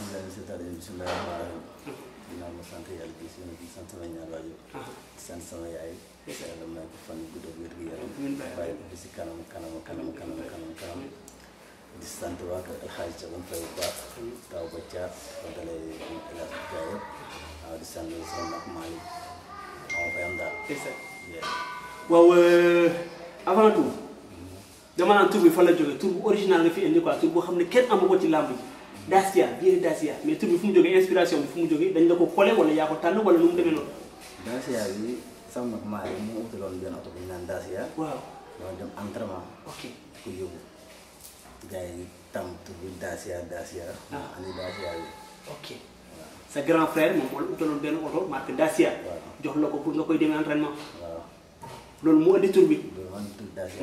alhamdulilah bi seetaan yi bisimilah rahmaani rahim ginnaaw ma sant yàlla bi si di sant sama ñaar waajur di sant sama yaay yàlla may ko fan gudd ak wér gu yaram bàyyi ko si kanam kanam kanam kanam kanam kanam di sant waa kër alxaaji Thiam Faye bu baax taw ba caar ba dalee élargi gaa yëpp waaw di sant sama mag Malick maa ngi fay am daal. waaw avant tout dama naan tur bi fan la jógee tur bu original nga fi indi quoi tur boo xam ne kenn amu ko ci làmb ji. dasia bir dasia mais tur fum joge inspiration fum joge dañ la ko collé wala ya ko tan wala num demé non dasia daasiya bi sama maa yi mu utaloon benn oto bu ñu naan daasiya. waaw do dem entraînement. ok ko yóbbu gars yi tam tu bi dasia dasia ah ani dasia bi. ok sa grand frère mo moo la utaloon benn oto marque dasia jox la ko pour nakoy koy entraînement. waaw. loolu moo andi tur bi.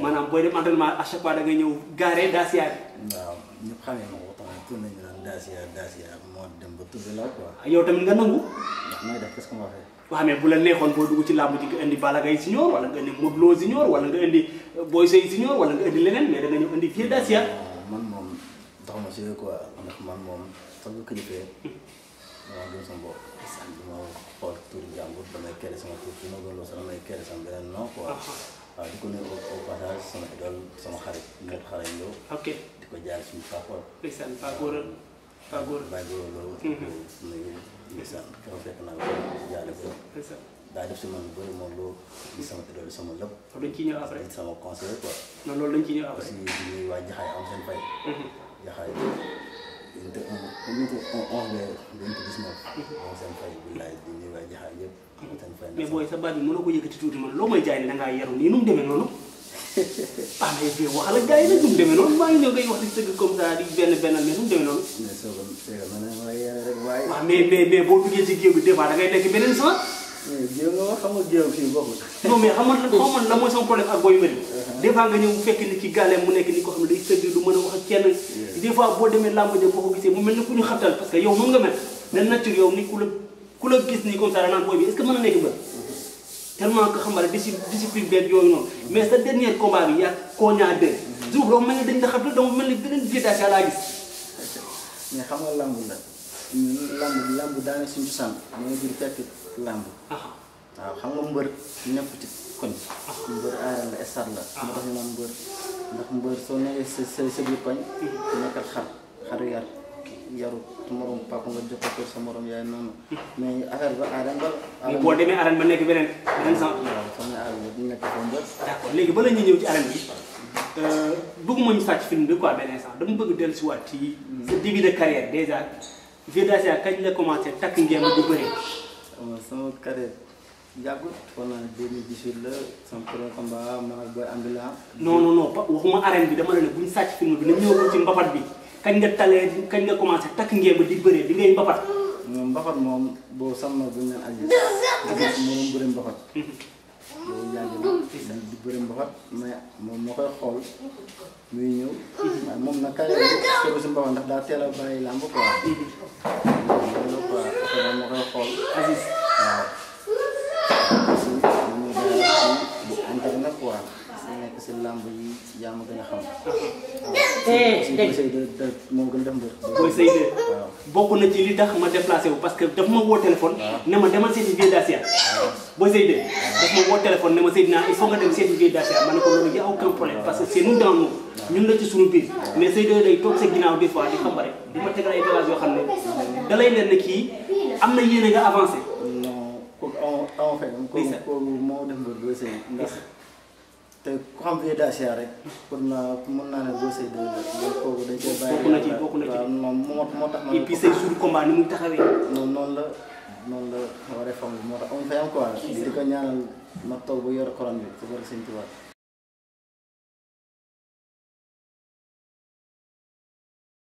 maanaam booy dem entraînement à chaque fois da ngay ñëw gaaree Dacia bi. waaw ñëpp xamee ma ko tamit tur nañu dem ba tur bi la quoi. Ah, yow tamit nga nangu. ndax may def qu'est-ce ma bu la neexoon boo dugg ci làmb ji nga indi Balla Gaye senior wala nga indi Modou Lo senior wala nga indi euh, Boy Sey senior wala nga indi leneen mais da nga ñëw indi Vieux Dacia. man moom dox ma si quoi ndax man moom sax nga dama gëm sama bopp. du ma xool tur jàmbur damay kere sama tur fi ma gëm loo sax damay kere sama beneen non quoi. Uh-huh. waaw di ko nuyu au passage sama idole sama xarit ñëpp xarit yow. ok di ko jaar suñu Pape. ndeysaan Pape Gora Pape Gora. Pape Gora loolu. Mm-hmm. nuyu ndeysaan keroog fekk naa ko jaale ko. daa def si man bu bëri moom loo di sama idole sama lépp. dañ ciy ñëw après sama conseiller quoi. non loolu dañ ciy ñëw après. aussi di nuyu waa Jaxaay am seen fay. Mm-hmm. Jaxaay. te on on on on mais booy sa baat bi mënoo ko yëkkati tuuti man loo may jaay ne da ngaa yaru nii nu mu demee noonu ah mais bii wax la gars yi nag nu mu demee noonu maa ngi ñëw ngay wax di sëgg mais nu mu soo ko rek waaw ah, mais mais mais boo duggee ci géew bi des fois da ngay nekk beneen sens. géew nga wax xam nga géew fii bokkul. non mais xam nga la mooy sama problème ak booy yu mel. des fois nga ñëw bu fekkee ni ci gàllam mu nekk ni ko xam ne day sëgg du mën a wax kenn des fois boo demee làmb ja boo ko gisee mu mel ni ku ñu xattal parce que yow noonu nga mel ne nature yow ni ku la ku la gis nii comme ça danaan booy bi est ba tellement que xam nga discipline benn yooyu noonu mm-hmm. mais sa dernier combat bi yaa Kogna 2 la xattal doo mel ni beneen vidéo laa gis mais xam la làmb làmb daane suñu sànq moo jur fekk làmb waaw xam nga mbër nekk ci koñ mbër aareel la stade la moo tax ñu naan mbër ndax mbër soo nee sa sa sa biir koñ nekkal xar xaru yar yaru morom nga jox ko sa morom yaay noonu mais affaire ba arène ba boo demee arène ba nekk beneen beneen sant waaw soo nee arène bi nekk ko mbër d'accord léegi bala ñuy ñëw ci arène bi euh, dama bëgg dellu si waat ci sa début de carrière déjà kañ la commencé takk ngeen du bëri euh, sama carrière yàggut wala 2018 la sama premier combat man ak booy Ambila. non non non waxuma arène bi dama ne la bu ñu sàcc film bi nañu ñëw ci mbapat bi kañ nga talee kañ nga commencé takk ngeen ba di bëree di ngay mbapat. moom mbapat moom boo sàmm bu ñu naan Aziz. Aziz moom bëri mbapat. loolu yàgg na di bëri mbapat mais moom moo koy xool muy ñëw. waaye moom nag kaay la mbapat ndax daa teel a bàyyi quoi. loolu quoi koy xool Aziz. yaa ma gën a xam. Eh, dégg moom gën a def mbër. booy sëy de bokk na ci li tax ma déplacé wu parce que daf ma woo téléphone. ne ma demal seeti vieille Dacia. booy sëy de daf ma woo téléphone ne ma Seydina il faut nga dem seeti vieille Dacia ma ne ko loolu y' a problème parce que c' est nous dans nous. ñun la ci suñu biir mais Seydou day toog sa ginnaaw des fois di xam rek di tegal ay bagages yoo xam ne da lay leen ne kii am na yéene nga avancé. non kooku amoo amoo fekk. moo def mbër booy te ku xam VDHR rek pour na mën naa ne boo say déglu moom kooku dañ cee bàyyi. bokk na ci bokk na ci waaw moom moo moo tax. et puis say jour combat ni muy la noonu la waree moo tax amuñ fay am quoi. di ñaanal ma toog ba yor koran bi su ko defee seen tubaab.